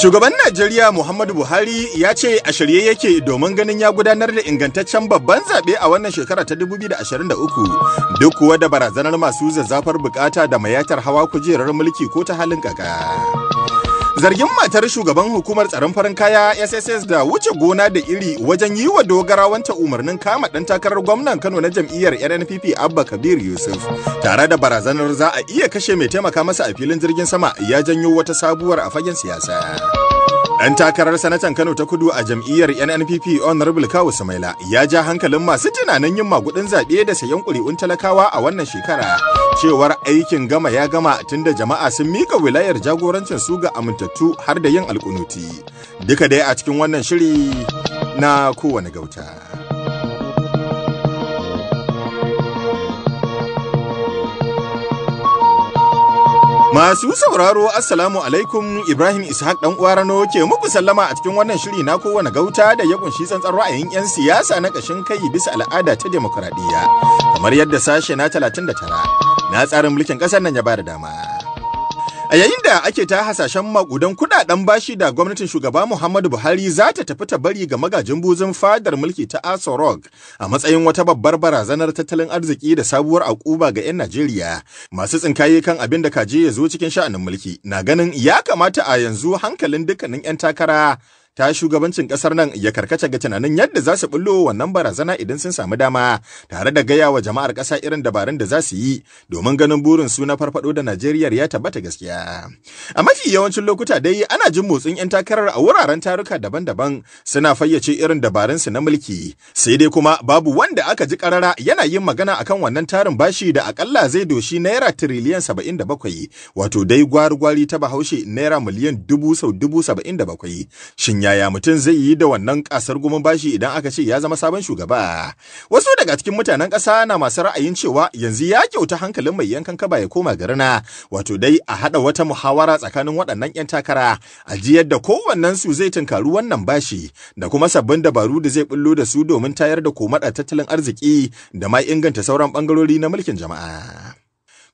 Shugaban Najeriya Muhammadu Buhari ya ce a shirye yake domin ganin ya gudanar da ingantaccen babban zaɓe a wannan shekara ta 2023 duk kuwa da barazanar masu zazzafar bukata da mayatar hawa kujerar mulki ko ta halin kaka. Zargin matar shugaban hukumar tsaron farin kaya SSS da wuce gona da iri wajen yi wa dogara dogarawanta umarnin kama ɗan takarar gwamnan Kano na jam'iyyar NNPP Abba Kabir Yusuf tare da barazanar za a iya kashe mai taimaka masa a filin jirgin sama ya janyo wata sabuwar a fagen siyasa. Ɗan takarar sanatan Kano ta kudu a jam'iyyar NNPP Honorable Kawu Sumaila ya ja hankalin masu tunanin yin magudin zaɓe da sayan ƙuri'un talakawa a wannan shekara. Cewar aikin gama ya gama tunda jama'a sun mika wilayar jagorancin su ga amintattu har da yin alkunuti. Duka dai a cikin wannan shiri na kowane gauta. Masu sauraro Assalamu alaikum Ibrahim Ishaq dan uwa Rano ke muku sallama a cikin wannan shiri na kowane gauta da ya kunshi tsantsar ra'ayin 'yan siyasa na kashin kai bisa al'ada ta demokuraɗiyya. Kamar yadda sashe na 39 na tsarin mulkin ƙasar nan ya ba da dama. A yayin da ake ta hasashen makudan kudaden bashi da gwamnatin shugaba Muhammadu Buhari za ta tafi ta bari ga magajin buzin fadar mulki ta Aso Rock a matsayin wata babbar barazanar tattalin arziki da sabuwar akuba ga 'yan Najeriya. Masu tsinkaye kan abin da kaje ya zo cikin sha'anin mulki na ganin ya kamata a yanzu hankalin dukkanin 'yan takara ta shugabancin kasar nan ya karkace ga tunanin yadda za su bullo wannan barazana idan sun samu dama tare da gaya wa jama'ar kasa irin dabarun da za su yi domin ganin burin su na farfado da Najeriya ya tabbata gaskiya. A mafi yawancin lokuta dai ana jin motsin 'yan takarar a wuraren taruka daban-daban suna fayyace irin dabarun su na mulki sai dai kuma babu wanda aka ji karara yana yin magana akan wannan tarin bashi da akalla zai doshi naira tiriliyan 77 wato dai gwari-gwari ta bahaushe naira miliyan dubu sau dubu 77 shin ya yaya mutum zai yi da wannan kasar gumin bashi idan aka ce ya zama sabon shugaba wasu daga cikin mutanen ƙasa na masu ra'ayin cewa yanzu ya kyauta hankalin mai yankan kaba ya koma garina wato dai a haɗa wata muhawara tsakanin waɗannan 'yan takara a ji da kowannen su zai tunkaru wannan bashi da kuma sabbin dabaru da zai bullo da su domin tayar da komaɗa tattalin arziki da ma inganta sauran ɓangarori na mulkin jama'a.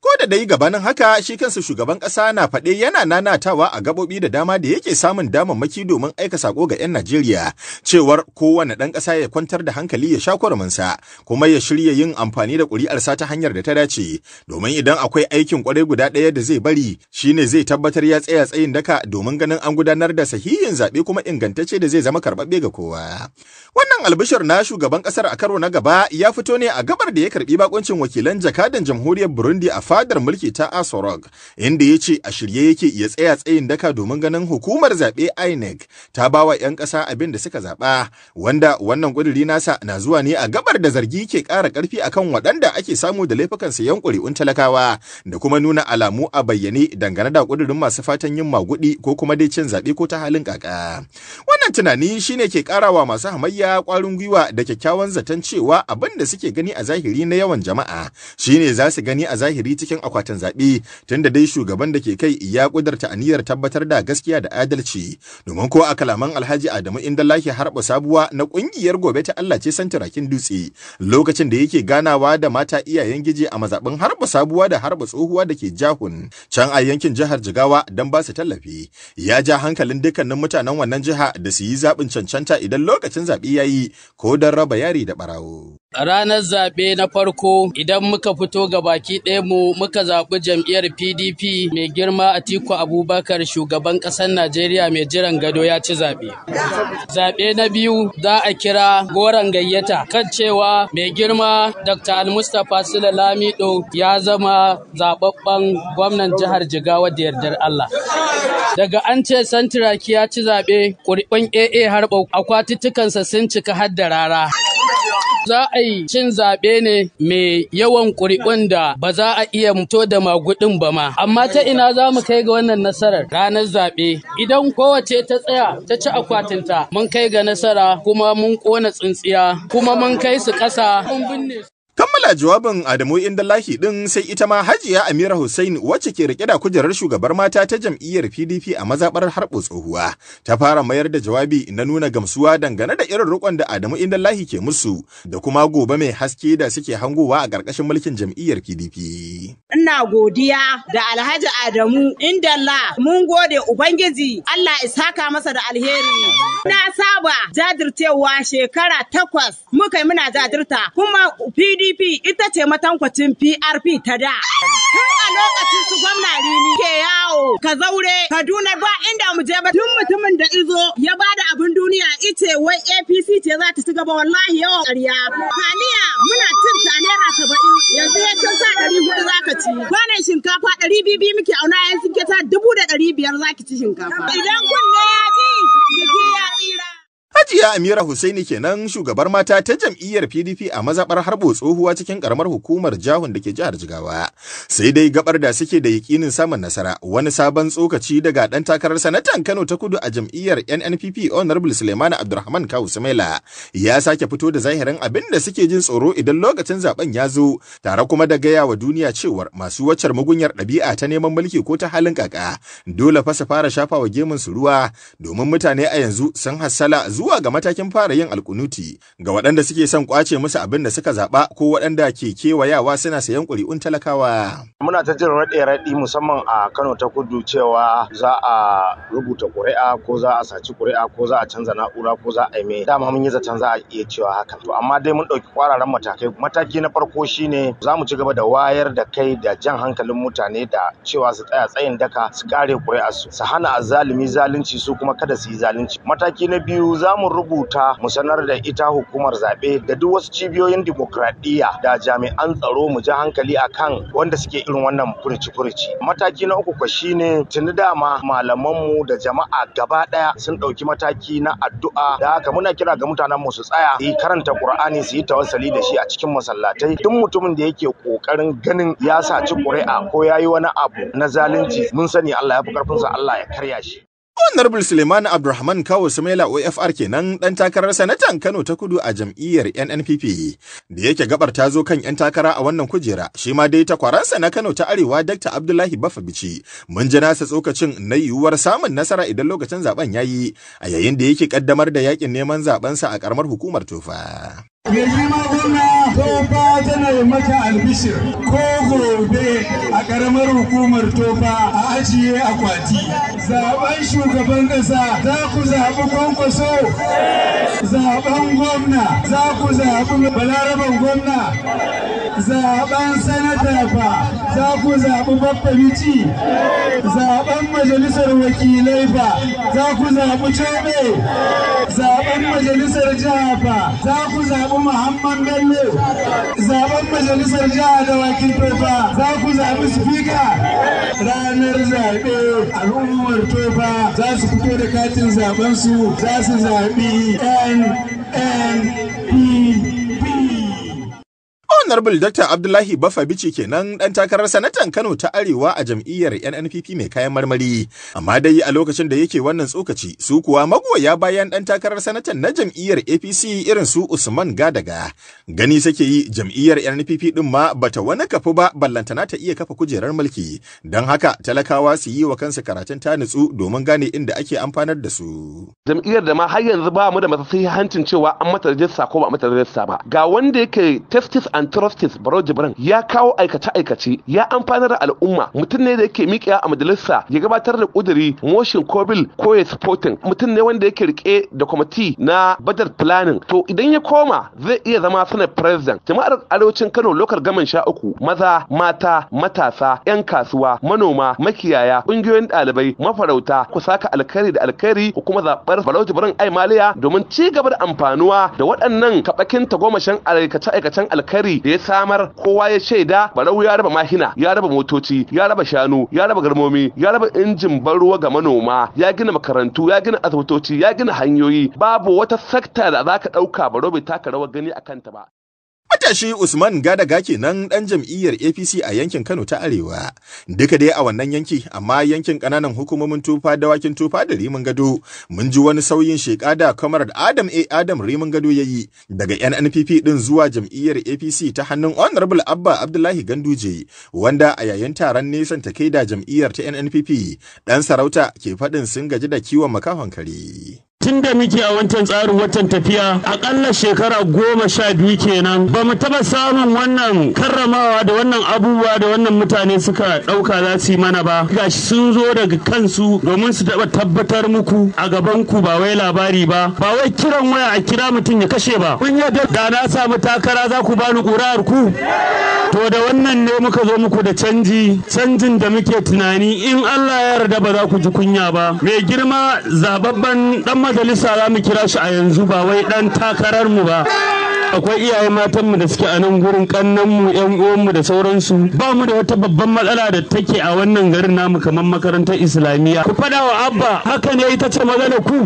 Ko da dai gabanin haka shi kansa shugaban ƙasa na faɗe yana nanatawa a gaɓoɓi da dama da yake samun damammaki domin aika sako ga 'yan Najeriya cewar kowane ɗan ƙasa ya kwantar da hankali ya sha sa kuma ya shirya yin amfani da ƙuri'arsa ta hanyar da ta dace domin idan akwai aikin ƙwarai guda ɗaya da zai bari shi ne zai tabbatar ya tsaya tsayin daka domin ganin an gudanar da sahihin zaɓe kuma ingantacce da zai zama karɓaɓɓe ga kowa. Wannan albishir na shugaban ƙasar a karo na gaba ya fito ne a gabar da ya karɓi bakuncin wakilan jakadan jamhuriyar Burundi a fadar mulki ta Asorog, inda ya ce a shirye yake iya tsaya tsayin daka domin ganin hukumar zaɓe INEC ta bawa 'yan ƙasa abin da suka zaɓa, wanda wannan ƙuduri nasa na zuwa ne a gabar da zargi ke ƙara ƙarfi akan waɗanda ake samu da laifukan sayan ƙuri'un talakawa da kuma nuna alamu a bayyane dangane da ƙudurin masu fatan yin maguɗi ko kuma dai cin zaɓe ko ta halin ƙaƙa. Wannan tunani shine ke ƙarawa masu hamayya ƙwarin gwiwa da kyakkyawan zaton cewa abin da suke gani a zahiri na yawan jama'a shine za su gani a zahiri cikin akwatin zaɓe tunda dai shugaban da ke kai ya ƙudurta aniyar tabbatar da gaskiya da adalci domin ko a kalaman alhaji adamu indalahi harba sabuwa na ƙungiyar gobe ta allah ce turakin dutse lokacin da yake ganawa da mata iyayen gije a mazaɓin harba sabuwa da harba tsohuwa da ke jahun can a yankin jihar jigawa don ba su tallafi ya ja hankalin dukkanin mutanen wannan jiha da su yi zaɓin cancanta idan lokacin zaɓe ya yi ko don raba yari da ɓarawo. Ranar zaɓe na farko idan muka fito ga baki mu muka zaɓi jam'iyyar PDP mai girma a tiku Abubakar shugaban ƙasar Najeriya mai jiran gado ya ci zaɓe. Zaɓe na biyu za a kira goron gayyata kan cewa mai girma Dr. Almustapha Sule Lamido ya zama zaɓaɓɓen gwamnan jihar Jigawa da yardar Allah. Daga an ce Santiraki ya ci zaɓe, ƙuri'un AA harɓau akwatuttukansa sun cika har da rara. Za a kai cin zaɓe ne mai yawan ƙuri'un da ba za a iya mutu da magudin ba ma. Amma ta ina za mu kai ga wannan nasarar ranar zaɓe. Idan kowace ta tsaya ta ci akwatinta mun kai ga nasara kuma mun ƙona tsintsiya kuma mun kai su ƙasa Kammala jawabin Adamu Indalahi ɗin sai ita ma Hajiya Amira Hussein wacce ke rike da kujerar shugabar mata ta jam'iyyar PDP a mazabar harbo tsohuwa ta fara mayar da jawabi na nuna gamsuwa dangane da irin rikon da Adamu Indalahi ke musu da kuma gobe mai haske da suke hangowa a ƙarƙashin mulkin jam'iyyar PDP. Ina godiya da Alhaji Adamu la mun gode Ubangiji Allah isaka masa da alheri. Na saba jajircewa shekara takwas muka muna jajirta kuma PDP PDP ita ce matankwacin PRP ta da. Kan a lokacin su gwamna rini ke yawo, ka zaure, Kaduna ba inda mu je ba tun mutumin da izo ya ba da abin duniya ice wai APC ce za ta ci gaba wallahi yawan ƙarya. Taliya muna cin ta naira saba'in yanzu ya cin sa ɗari hudu za ka ci. Kwanan shinkafa ɗari biyu muke auna yanzu ke ta dubu da ɗari biyar za ki ci shinkafa. Idan kunne ya ji, jiki ya tsira. Hajiya Amira Hussaini kenan shugabar mata ta jam'iyyar PDP a mazabar harbo tsohuwa cikin karamar hukumar jahun da ke jihar Jigawa. Sai dai gabar da suke da yakinin samun nasara wani sabon tsokaci daga dan takarar sanatan Kano ta kudu a jam'iyyar NNPP Honorable Suleiman Abdulrahman Kawu Sumaila ya sake fito da zahirin abin da suke jin tsoro idan lokacin zaben ya zo tare kuma da gaya wa duniya cewar masu waccar mugunyar ɗabi'a ta neman mulki ko ta halin kaka dole fa su fara shafa wa gemun su ruwa domin mutane a yanzu sun hassala zuwa zuwa ga matakin fara yin alkunuti ga waɗanda suke son kwace musu abin da suka zaɓa ko waɗanda ke kewayawa suna sayan ƙuri'un talakawa. Muna ta jin raɗe-raɗi musamman a Kano ta kudu cewa za a rubuta ƙuri'a ko za a saci ƙuri'a ko za a canza na'ura ko za a yi mai dama mun yi zaton za a iya cewa hakan. To amma dai mun ɗauki ƙwararren matakai mataki na farko shine za mu ci gaba da wayar da kai da jan hankalin mutane da cewa su tsaya tsayin daka su kare ƙuri'a su hana azzalumi zalunci su kuma kada su yi zalunci. Mataki na biyu za mu rubuta mu sanar da ita hukumar zaɓe da duk wasu cibiyoyin dimokuraɗiyya da jami'an tsaro mu ji hankali a kan wanda suke irin wannan furici-furici. Mataki na uku kwa shine tuni dama malamanmu da jama'a gaba ɗaya sun ɗauki mataki na addu'a da haka muna kira ga mutanen mu su tsaya su karanta Qur'ani su yi tawassali da shi a cikin masallatai duk mutumin da yake kokarin ganin ya saci ƙuri'a ko ya yi wani abu na zalunci mun sani Allah ya fi karfinsa Allah ya karya shi. Honorable Suleiman Abdulrahman Kawo Sumaila OFR kenan ɗan takarar sanatan Kano ta kudu a jam'iyyar NNPP. Da yake gabar ta zo kan 'yan takara a wannan kujera, shi ma dai takwaransa na Kano ta Arewa Dr. Abdullahi Bici Mun ji nasa tsokacin na yiwuwar samun nasara idan lokacin zaben ya yi, a yayin da yake kaddamar da yakin neman zabensa a karamar hukumar Tofa. mai girma gwamna tofa tana mata albishir ko gobe a karamar hukumar tofa a ajiye akwati zaben shugaban kasa za ku zaɓi kwankwaso zaben gwamna za ku zaɓi balaraban gwamna zaben sanata fa za ku zaɓi babbamici zaben majalisar wakilai fa za ku zaɓi cobe zaben majalisar jihar fa za ku zaɓi Shehu Muhammad Bello zaben majalisar jiha da wakiltofa za ku zaɓi spika ranar zaɓe al'ummar tofa za su fito da katin su za su zaɓi NNP. Honorable Dr. Abdullahi bafa-bici kenan ɗan takarar sanatan Kano ta Arewa a jam'iyyar NNPP mai kayan marmari. Amma dai a lokacin da yake wannan tsokaci, su kuwa magoya bayan ɗan takarar sanatan na jam'iyyar APC irin su Usman Gadaga. Gani sake yi jam'iyyar NNPP ɗin ma bata wani kafu ba ballantana ta iya kafa kujerar mulki. Don haka talakawa su yi wa kansu karatun ta nutsu domin gane inda ake amfanar da su. Jam'iyyar da ma har yanzu ba mu da masu hancin cewa an mata rajista ko ba a mata rajista ba. Ga wanda yake testis and Justice Barau Jibran ya kawo aikace-aikace ya amfanar da al'umma mutum ne da yake miƙiya a majalisa ya gabatar da ƙuduri motion ko bill ko ya supporting mutum ne wanda yake rike da kwamiti na budget planning to idan ya koma zai iya zama sanar president jama'ar arewacin Kano lokal gaman sha uku maza mata matasa 'yan kasuwa manoma makiyaya ƙungiyoyin ɗalibai mafarauta ku saka alkhairi da alkhairi ku kuma zaɓar Barau Jibrin Aimaliya domin ci gaba da amfanuwa da waɗannan kaɓakin tagomashin aikace-aikacen alkhairi da ya samar kowa ya shaida barau ya raba mahina ya raba motoci ya raba shanu ya raba garmomi ya raba injin ban ruwa ga manoma ya gina makarantu ya gina asibitoci ya gina hanyoyi babu wata sakta da za ka ɗauka barau bai taka rawar gani a kanta ba Matashi Usman Gadaga kenan ɗan jam'iyyar APC a yankin Kano ta Arewa. Duka dai a wannan yanki, amma yankin ƙananan hukumomin tufa da dawakin tufa da Rimin Gado, mun ji wani sauyin sheka da kamar Adam A. Adam Rimin Gado ya yi daga NNPP ɗin zuwa jam'iyyar APC ta hannun Honorable Abba Abdullahi Ganduje, wanda a yayin taron nesan ta kai da jam'iyyar ta NNPP, ɗan sarauta ke faɗin sun gaji da kiwon makahon kare. tun da muke a wancan tsarin watan tafiya akalla shekara goma sha biyu kenan ba mu taba samun wannan karramawa da wannan abubuwa da wannan mutane suka ɗauka za su yi mana ba gashi sun zo daga kansu domin su taɓa tabbatar muku a gaban ku ba wai labari ba ba wai kiran waya a kira mutum ya kashe ba kun yadda da na samu takara za ku bani ƙuri'ar ku to da wannan ne muka zo muku da canji canjin da muke tunani in Allah ya yarda ba za ku ji kunya ba mai girma zababban dan majalisa za mu kira shi a yanzu ba wai dan takarar mu ba akwai iyaye matanmu da suke a nan gurin kannan mu yan uwanmu da sauransu ba mu da wata babban matsala da take a wannan garin namu kamar makarantar islamiyya ku faɗawa wa abba Hakan ne ita ce magana ku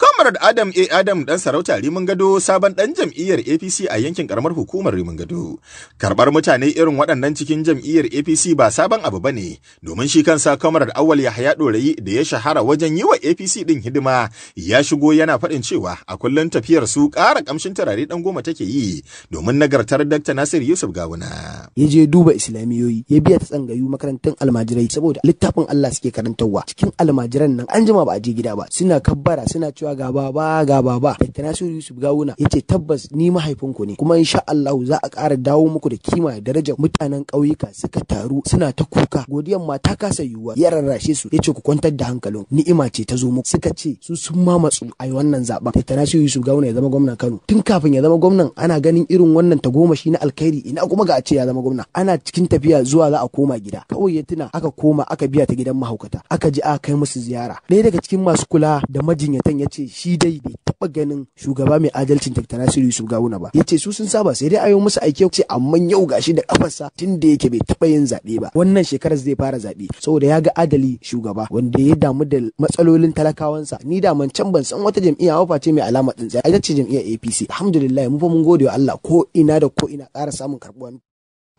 Comrade Adam A. Adam dan sarauta Rimin Gado sabon dan jam'iyyar APC a yankin karamar hukumar Rimin Gado. Karbar mutane irin waɗannan cikin jam'iyyar APC ba sabon abu ba ne domin shi kansa Comrade Awal Yahaya ɗorayi da ya shahara wajen yi wa APC din hidima ya shigo yana faɗin cewa a kullum tafiyar su ƙara kamshin turare ɗan goma take yi domin nagartar Dr. Nasir Yusuf Gawuna. Ya je duba islamiyoyi ya biya ta tsangayu makarantun almajirai saboda littafin Allah suke karantarwa cikin almajiran nan an jima ba a je gida ba suna kabbara suna cewa cewa ga baba ga baba Dr. Nasiru Yusuf Gawuna ya ce tabbas ni mahaifinku ne kuma insha Allah za a ƙara dawo muku da kima da darajar mutanen ƙauyuka suka taru suna ta kuka godiyar ma ta kasa yiwuwa ya rarrashe su ya ce ku kwantar da hankalin ni'ima ce ta zo muku suka ce su sun mamatsu matsu a wannan zaben Dr. Nasiru Yusuf Gawuna ya zama gwamnan Kano tun kafin ya zama gwamnan ana ganin irin wannan ta. goma shi na alkhairi ina kuma ga a ce ya zama gwamna ana cikin tafiya zuwa za a koma gida kawai ya tuna aka koma aka biya ta gidan mahaukata aka ji aka kai musu ziyara ɗaya daga cikin masu kula da majinyatan ya ce ce shi dai bai taba ganin shugaba mai adalcin Dr. Nasiru Yusuf Gawuna ba yace su sun saba sai dai ayo musu aike ce amma yau gashi da kafarsa tun da yake bai taɓa yin zabe ba wannan shekarar zai fara zabe saboda ya ga adali shugaba wanda ya damu da matsalolin talakawansa ni da man can ban san wata jam'iyya ba face mai alama tsintsiya ita ce jam'iyyar APC alhamdulillah mu fa mun gode wa Allah ko ina da ko ina ƙara samun karɓuwa.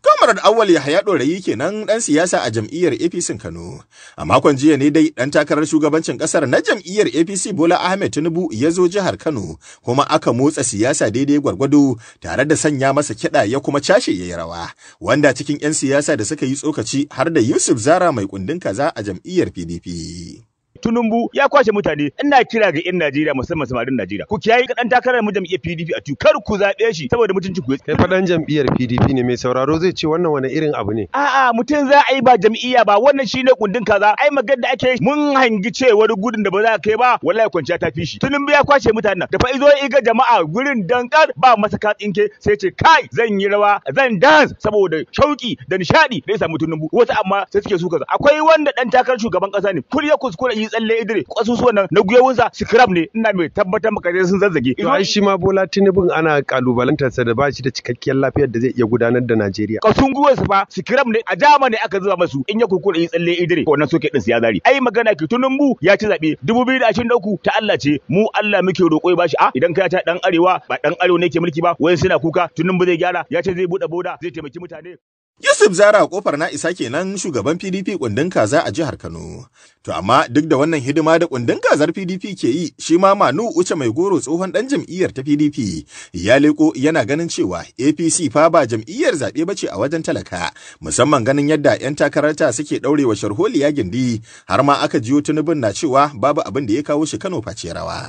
Kamarar ya Yahaya Ɗorayi kenan ɗan siyasa a jam'iyyar APC Kano. A makon jiya ne dai ɗan takarar shugabancin ƙasar na jam'iyyar APC Bola Ahmed Tinubu ya zo jihar Kano kuma aka motsa siyasa daidai gwargwado tare da sanya masa kiɗa ya kuma cashe ya yi rawa. Wanda cikin 'yan siyasa da suka yi tsokaci har da Yusuf Zara mai kundin kaza a jam'iyyar PDP. Tunumbu ya kwashe mutane ina kira ga 'yan Najeriya musamman samarin Najeriya ku kiyaye kaɗan takarar mu jam'iyyar PDP a tu kar ku zaɓe shi saboda mutuncin ku kai faɗan jam'iyyar PDP ne mai sauraro zai ce wannan wani irin abu ne a'a mutum za a yi ba jam'iyya ba wannan shi ne kundin kaza ai magar da ake mun hangi ce wani gudun da ba za kai ba wallahi kwanciya ta fi shi tunumbu ya kwashe mutanen da fa izo iga jama'a gurin dankar ba masa tsinke sai ce kai zan yi rawa zan dance saboda shauki da nishadi da ya samu tunumbu. Wata amma sai suke su akwai wanda dan takarar shugaban kasa ne kur kuskure tsalle idire kwasusuwan nan na sa scrap ne ina mai tabbatar maka sai sun zazzage to ai shi ma Bola Tinubu ana kalubalantar sa da ba shi da cikakkiyar lafiyar da zai iya gudanar da Najeriya kasun sa fa scrap ne a jama ne aka zuba masu in ya kurkure yi tsalle idire wannan soke din ya zari ai magana ke tunumbu ya ci zabe 2023 ta Allah ce mu Allah muke roƙo ba shi! a idan ka ta dan arewa ba dan arewa ne ke mulki ba wai suna kuka tunumbu zai gyara ya ce zai bude boda zai taimaki mutane Yusuf Zara kofar na isa kenan shugaban PDP kundin kaza a jihar Kano. To amma duk da wannan hidima da kundin kazar PDP ke yi, shi ma Manu Uche Mai Goro tsohon dan jam'iyyar ta PDP ya leko yana ganin cewa APC fa ba jam'iyyar zaɓe bace a wajen talaka, musamman ganin yadda 'yan takararta suke ɗaurewa sharholiya gindi har ma aka jiyo tunubin na cewa babu abin da ya kawo shi Kano face rawa.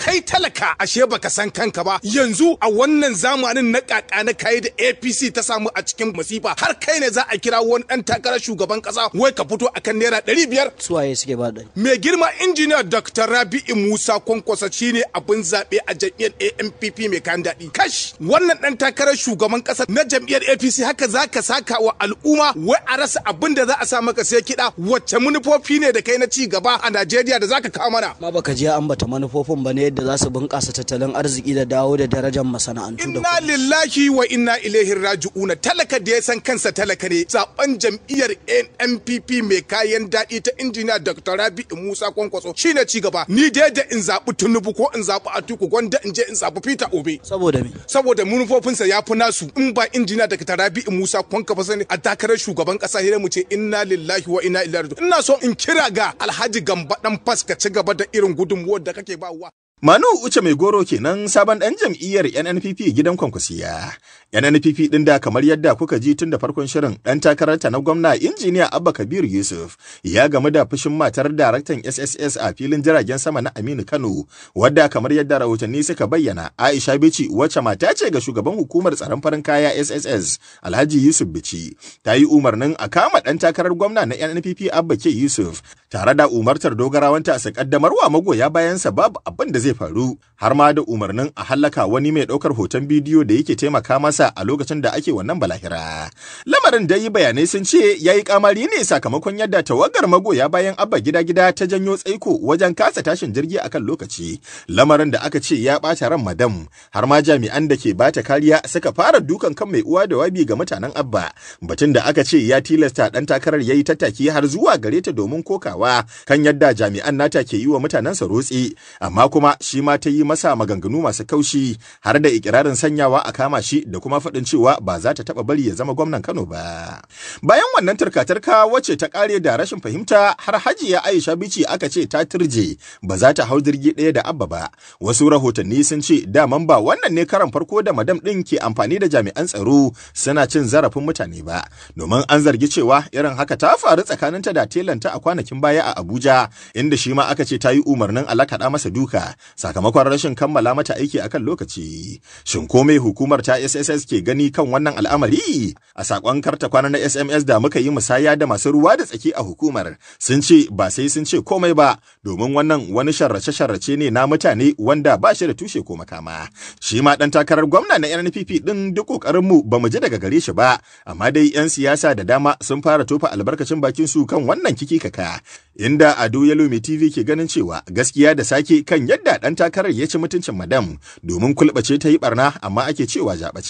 kai talaka ashe baka san kanka ba yanzu a wannan zamanin na kaka na kai da APC ta samu a cikin masifa har kai ne za a kira wani dan takarar shugaban kasa wai ka fito akan naira ɗari biyar. waye suke ba ɗari. Mai girma engineer Dr. Rabi'u Musa Kwankwasa shine abin zaɓe a jam'iyyar ampp mai kayan daɗi. Kash wannan ɗan takarar shugaban kasa na jam'iyyar APC haka zaka saka wa al'umma wai a rasa abin da za a sa maka sai kiɗa wacce manufofi ne da kai na ci gaba a Najeriya da zaka ka kawo mana. Ma baka je an bata manufofin ba ne yadda za su bunƙasa tattalin arziki da dawo da darajar masana'antu da inna lillahi wa inna ilaihi raji'una talaka da ya san kansa talaka ne zaben jam'iyyar NPP mai kayan daɗi ta injiniya Dr. Rabi Musa Kwankwaso shine ci gaba ni dai da in zaɓi Tinubu ko in zaɓi Atiku gwanda in je in zaɓi Peter Obi saboda me saboda manufofinsa ya fi nasu in ba injiniya Dr. Rabi Musa Kwankwaso sani a takarar shugaban ƙasa ne mu ce inna lillahi wa inna ilaihi raji'una ina so in kira ga Alhaji Gamba dan Fas ka ci gaba da irin gudunmuwar da kake bawa Manu Uche Mai Goro kenan sabon ɗan jam'iyyar NNPP gidan Kwankwasiya. NNPP ɗin da kamar yadda kuka ji tun da farkon shirin ɗan takararta na gwamna injiniya Abba Kabir Yusuf ya gamu da fushin matar daraktan SSS a filin jiragen sama na Aminu Kano wadda kamar yadda rahotanni suka bayyana Aisha Bichi wacce mata ce ga shugaban hukumar tsaron farin kaya SSS Alhaji Yusuf Bichi ta yi umarnin a kama ɗan takarar gwamna na NNPP Abba Ke Yusuf tare da umartar dogarawanta su kaddamarwa magoya bayansa babu abin da zai zai faru har ma da umarnin a hallaka wani mai ɗaukar hoton bidiyo da yake taimaka masa a lokacin da ake wannan balahira. Lamarin da yi bayanai sun ce ya yi kamari ne sakamakon yadda tawagar magoya bayan abba gida-gida ta janyo tsaiko wajen kasa tashin jirgi a kan lokaci. Lamarin da aka ce ya ɓata ran madam har ma jami'an da ke bata kariya suka fara dukan kan mai uwa da wabi ga mutanen abba. Batun da aka ce ya tilasta ɗan takarar ya yi tattaki har zuwa gare ta domin kokawa kan yadda jami'an nata ke yi wa mutanen sa rotsi amma kuma shi ma ta yi masa maganganu masu kaushi har da ikirarin sanyawa a kama shi da kuma faɗin cewa ba za ta taɓa bari ya zama gwamnan Kano ba. Bayan wannan tarkatarka wacce ta ƙare da rashin fahimta har hajiya Aisha Bici aka ce ta turje ba za ta hau jirgi ɗaya da Abba ba. Wasu rahotanni sun ce daman ba wannan ne karan farko da madam ɗin ke amfani da jami'an tsaro suna cin zarafin mutane ba. Domin an zargi cewa irin haka ta faru tsakaninta da telanta a kwanakin baya a Abuja inda shi ma aka ce ta yi umarnin alakaɗa masa duka sakamakon rashin kammala mata aiki akan lokaci. Shin komai hukumar ta SSS ke gani kan wannan al'amari? A sakon karta kwana na SMS da muka yi musaya da masu ruwa da tsaki a hukumar sun ce ba sai sun ce komai ba domin wannan wani sharrace-sharrace ne na mutane wanda ba shi da tushe ko makama. Shi ma ɗan takarar gwamna na NNPP ɗin duk ƙoƙarinmu ba mu ji daga gare shi ba, amma dai 'yan siyasa da dama sun fara tofa albarkacin bakin su kan wannan kiki kaka. Inda Ado Yalo TV ke ganin cewa gaskiya da sake kan yadda da ɗan takarar ya ci mutuncin madam domin kulbace ta yi barna amma ake cewa jaɓa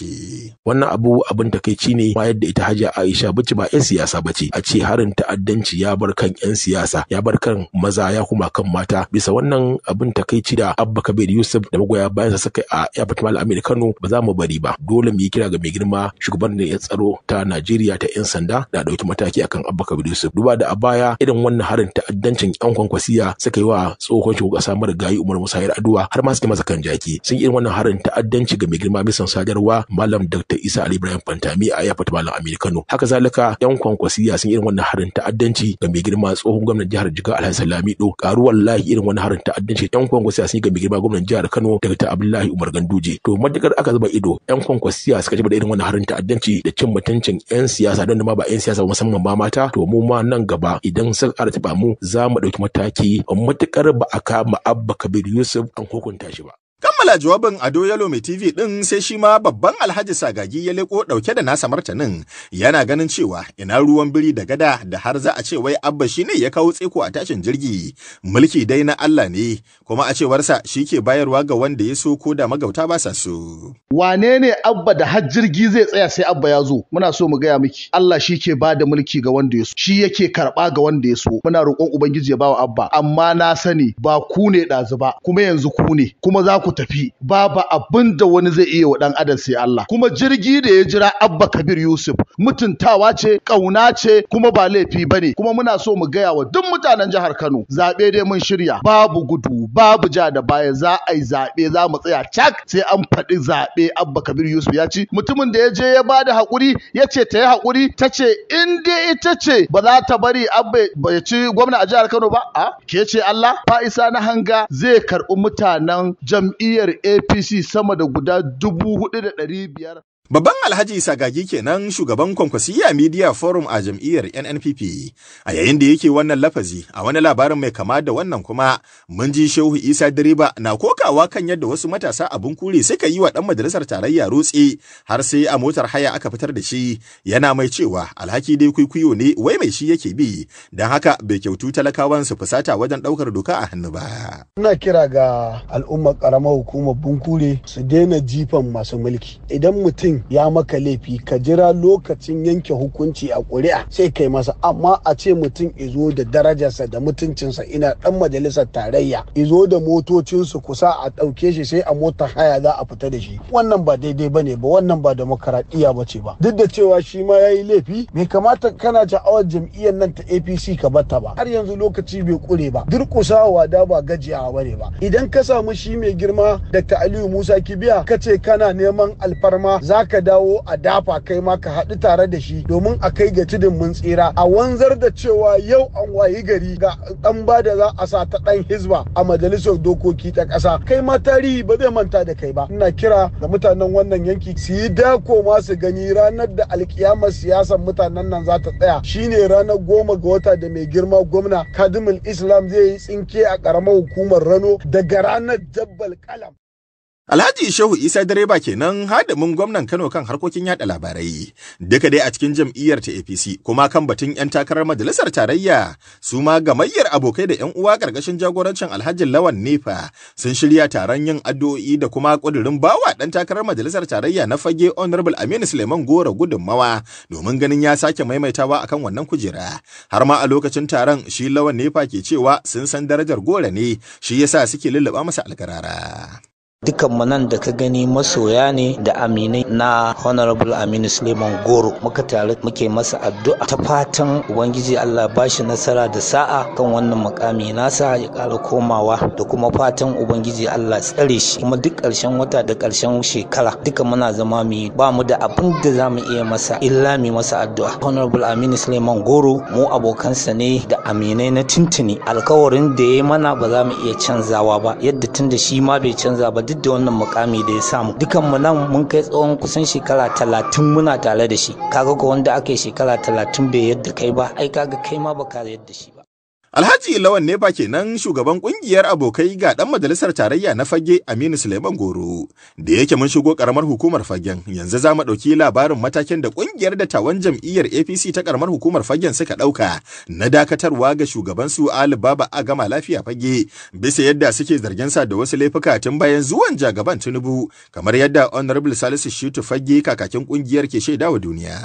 Wannan abu abin takaici ne ma yadda ita Hajiya Aisha bace ba 'yan siyasa bace a ce harin ta'addanci ya bar kan 'yan siyasa ya bar kan maza ya kuma kan mata bisa wannan abin takaici da Abba Kabir Yusuf da magoya bayansa suka a Airport Mal Amir Kano ba za mu bari ba dole mu yi kira ga mai girma shugaban da ya tsaro ta Najeriya ta 'yan sanda da ɗauki mataki akan Abba Kabir Yusuf duba da a baya irin wannan harin ta'addancin 'yan kwankwasiya suka yi wa tsohon shugaban ƙasa gayi Umar musayar aduwa har ma suke masa kan jaki sun irin wannan harin ta'addanci ga mai girma bisan sadarwa malam dr isa ali ibrahim fantami a yafa malam amir kano haka zalika yan kwankwasiya sun irin wannan harin ta'addanci ga mai girma tsohon gwamnan jihar jiga salami do karu wallahi irin wannan harin ta'addanci yan kwankwasiya sun yi ga mai girma gwamnan jihar kano dr abdullahi umar ganduje to matukar aka zuba ido yan kwankwasiya suka ci da irin wannan harin ta'addanci da cin mutuncin yan siyasa don ma ba yan siyasa musamman ba mata to mu ma nan gaba idan sun ƙara ba mu za mu ɗauki mataki matukar ba a kama abba kabiru yusuf an hukunta shi ba Kammala jawabin Ado Yalo mai TV ɗin sai shi ma babban Alhaji Sagagi ya leko ɗauke da nasa martanin yana ganin cewa ina ruwan biri da gada da har za a ce wai Abba shi ne ya kawo tseko a tashin jirgi mulki dai na Allah ne kuma a cewarsa shi ke bayarwa ga wanda ya so ko da magauta ba sa so. Wane ne Abba da har jirgi zai tsaya sai Abba ya zo muna so mu gaya miki Allah shi ke ba da mulki ga wanda ya so shi yake karɓa ga wanda ya so muna roƙon Ubangiji ya bawa Abba amma na sani ba ku ne ɗazu ba kuma yanzu ku ne kuma za ku ku tafi babu abin da wani zai iya wa dan adam sai Allah kuma jirgi da ya jira Abba Kabir Yusuf mutuntawa ce kauna ce kuma ba laifi bane kuma muna so mu gaya wa duk mutanen jihar Kano zabe dai mun shirya babu gudu babu ja da baya za a yi zabe za mu tsaya cak sai an faɗi zabe Abba Kabir Yusuf ya ci mutumin da ya je ya bada hakuri ya ce ta yi hakuri ta ce in dai ita ce ba za ta bari Abba ya ci gwamna a jihar Kano ba a ke ce Allah fa'isa na hanga zai karɓi mutanen jam'i jam'iyyar APC sama da guda dubu huɗu da ɗari biyar Babban Alhaji Sagagi kenan shugaban Kwankwasiya Media Forum a jam'iyyar NNPP. A yayin da yake wannan lafazi a wani labarin mai kama da wannan kuma mun ji Shehu Isa Direba na kokawa kan yadda wasu matasa a Bunkure suka yi wa ɗan majalisar tarayya rutsi har sai a motar haya aka fitar da shi yana mai cewa alhaki dai kwaikwayo ne wai mai shi yake bi don haka bai kyautu talakawan su fusata wajen ɗaukar doka a hannu ba. Ina kira ga al'ummar karamar hukumar Bunkure su daina jifan masu mulki. Idan mutum ya maka laifi ka jira lokacin yanke hukunci a ƙuri'a sai kai masa amma a ce mutum izo da darajarsa da mutuncinsa ina dan majalisar tarayya izo da motocinsu kusa a ɗauke shi sai a mota haya za a fita da shi wannan ba daidai ba ne ba wannan ba demokaraɗiyya ba ce ba duk da cewa shi ma ya yi laifi mai kamata kana sha'awar jam'iyyar nan ta apc ka bata ba har yanzu lokaci bai ƙure ba durƙusa wada ba gajiyawa ba ne ba idan ka samu shi mai girma dr aliyu musa kibiya ka ce kana neman alfarma za ka dawo a dafa kai ma ka haɗu tare da shi domin a kai ga tudun mun tsira a wanzar da cewa yau an wayi gari ga ɗan ba da za a sa ta ɗan hizba a majalisar dokoki ta ƙasa kai ma tarihi ba zai manta da kai ba ina kira ga mutanen wannan yanki su yi dako ma su gani ranar da alkiyamar siyasar mutanen nan za ta tsaya shine ranar goma ga wata da mai girma gwamna kadimul islam zai yi tsinke a ƙaramar hukumar rano daga ranar jabbal kalam Alhaji Shehu Isa Direba kenan hadimin gwamnan Kano kan harkokin yaɗa labarai. Duka dai a cikin jam'iyyar ta APC kuma kan batun 'yan takarar majalisar tarayya su ma gamayyar abokai da 'yan uwa ƙarƙashin jagorancin Alhaji Lawan Nefa sun shirya taron yin addu'o'i da kuma ƙudurin bawa ɗan takarar majalisar tarayya na fage Honorable Aminu Suleiman Gora gudunmawa domin ganin ya sake maimaitawa akan wannan kujera. Har ma a lokacin taron shi Lawan Nefa ke cewa sun san darajar Gora ne shi yasa suke lullaba masa algarara. dukan manan da ka gani masoya ne da aminai na Honorable Aminu Suleiman Goro. Muka tare muke masa addu'a ta fatan Ubangiji Allah ba shi nasara da sa'a kan wannan mukami nasa ya kara komawa da kuma fatan Ubangiji Allah tsare shi kuma duk ƙarshen wata da karshen shekara duka muna zama mu ba mu da abin da za mu iya masa illa mu masa addu'a. Honorable Aminu Suleiman Goro mu abokansa ne da aminai na tuntuni alkawarin da ya yi mana ba za mu iya canzawa ba yadda tun da shi ma bai canza ba duk da wannan mukami da ya samu dukan mu nan mun kai tsawon kusan shekara talatin muna tare da shi kaga ko wanda aka yi shekara talatin bai yadda kai ba ai kaga kai ma baka yadda shi ba Alhaji Lawan Nefa kenan shugaban kungiyar abokai ga dan majalisar tarayya na fage Aminu Suleiman Goro. Da yake mun shigo karamar hukumar fagen, yanzu za mu ɗauki labarin matakin da kungiyar da tawan jam'iyyar APC ta karamar hukumar fagen suka ɗauka na dakatarwa ga shugaban su Ali Baba a gama lafiya fage, bisa yadda suke zargin sa da wasu laifuka tun bayan zuwan jagaban Tinubu, kamar yadda Honorable Salisu Shitu fage kakakin kungiyar ke shaida wa duniya.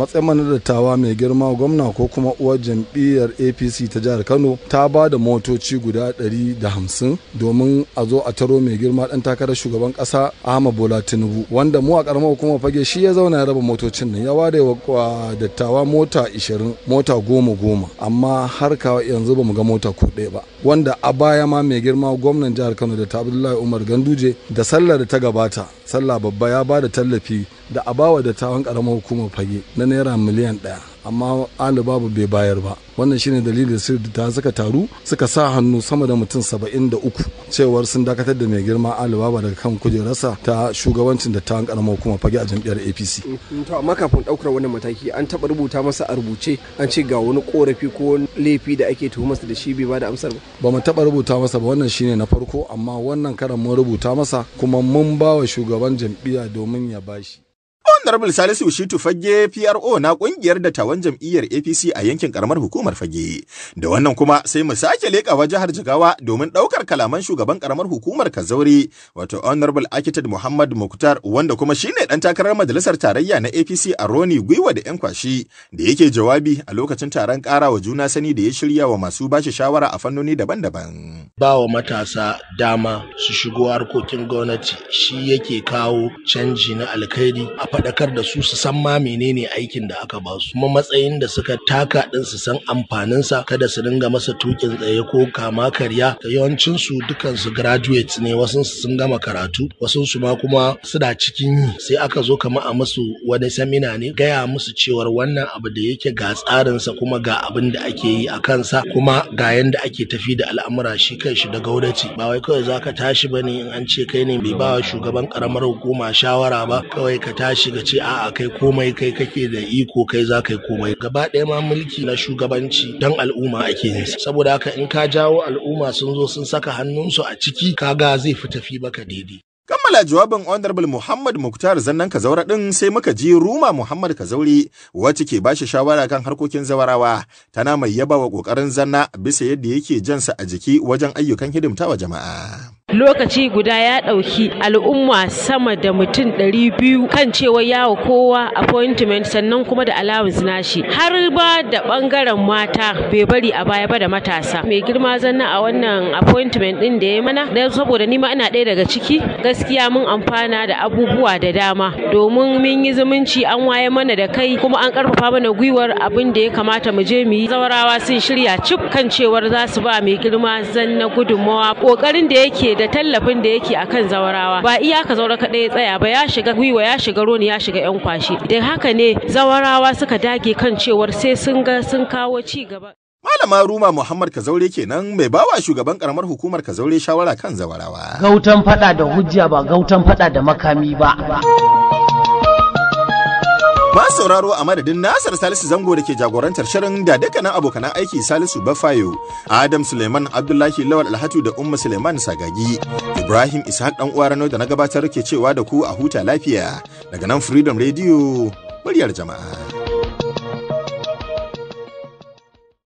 Matsayin mana tawa mai girma gwamna ko kuma uwar jam'iyyar APC ta jihar kano ta ba da motoci guda 150 domin a zo a taro mai girma dan takarar shugaban kasa ahmad bola tinubu wanda mu a karamar hukumar fage shi ya zauna ya raba motocin nan ya ware wa dattawa mota 20 mota goma goma amma har kawai yanzu ba mu ga mota ko ɗaya ba wanda a baya ma mai girma gwamnan jihar kano da ta abdullahi umar ganduje da sallar da ta gabata sallah babba ya ba da tallafi da a da tawon karamar hukumar fage na naira miliyan daya amma ali babu bai bayar ba wannan shine dalilin sir da suka taru suka sa hannu sama da mutum saba'in da uku cewar sun dakatar da mai girma ali babu daga kan kujerarsa ta shugabancin da tawon karamar hukumar fage a jam'iyyar apc to amma kafin ɗaukar wannan mataki an taba rubuta masa a rubuce an ce ga wani korafi ko laifi da ake tuhumarsa da shi bai ba amsar ba ba mu taɓa rubuta masa ba wannan shine na farko amma wannan karan mun rubuta masa kuma mun ba wa shugaban shugaban jam'iyya domin ya bashi Honorable Salisu Shitu Fage PRO na kungiyar dattawan jam'iyyar APC a yankin karamar hukumar Fage. Da wannan kuma sai mu sake leƙawa jihar Jigawa domin ɗaukar kalaman shugaban karamar hukumar Kazauri wato Honorable Akitad Muhammad Muktar wanda kuma shine dan takarar majalisar tarayya na APC a Roni Gwiwa da 'yan kwashi da yake jawabi a lokacin taron wa juna sani da ya shirya wa masu bashi shawara a fannoni daban-daban. Ba wa matasa dama su shigo harkokin gwamnati shi yake kawo canji na alkhairi a faɗakar da su su san ma menene aikin da aka ba su kuma matsayin da suka taka din su san amfanin sa, kada su dinga masa tukin tsaye ko kama karya yawancin su dukan su graduates ne wasu sun gama karatu wasu su ma kuma suna cikin yi sai aka zo kama a musu wani samina ne gaya musu cewar wannan abu da yake ga tsarinsa kuma ga abin da ake yi a kansa kuma ga yanda ake tafi da al'amura shi kai shi da gwamnati ba wai kawai zaka tashi bane in an ce kai ne bai ba shugaban karamar hukuma shawara ba kawai ka tashi shiga ce a'a kai komai kai kake da iko kai za yi komai gaba ɗaya ma mulki na shugabanci Don al'umma ake yin saboda haka in ka jawo al'umma sun zo sun saka hannunsu a ciki kaga zai fi tafi baka daidai kammala jawabin honorable muhammad muktar zannan zaura din sai muka ji ruma muhammad zauri wacce ke bashi shawara kan harkokin zawarawa tana mai yaba wa kokarin zanna bisa yadda yake jansa a jiki wajen ayyukan hidimtawa jama'a lokaci guda ya ɗauki al'umma sama da mutum ɗari kan cewa wa kowa appointment sannan kuma da allowance nashi har ba da bangaren mata bai bari a baya ba da matasa mai girma zanna a wannan appointment ɗin da ya mana da saboda nima ana ɗaya daga ciki gaskiya mun amfana da abubuwa da dama domin mun yi zumunci an waye mana da kai kuma an karfafa mana gwiwar abin da ya kamata mu je mu yi zawarawa sun shirya cif kan cewar za su ba mai girma zanna gudunmawa kokarin da yake da tallafin da yake akan zawarawa ba ka zaura kaɗai ya tsaya ba ya shiga gwiwa ya shiga roni ya shiga yan kwashi da haka ne zawarawa suka dage kan cewar sai sun ga sun kawo ci gaba Malama Ruma Muhammad Kazaure kenan mai bawa shugaban karamar hukumar Kazaure shawara kan zawarawa. Gautan fada da hujja ba gautan fada da makami ba. sauraro a madadin Nasar Salisu Zango da ke jagorantar shirin da dukkanin abokanan aiki Salisu Bafayo, Adam Suleiman Abdullahi Lawal Alhatu da Umma Suleiman Sagagi, Ibrahim Ishaq dan uwa Rano da na gabatar ke cewa da ku a huta lafiya daga nan Freedom Radio muryar jama'a.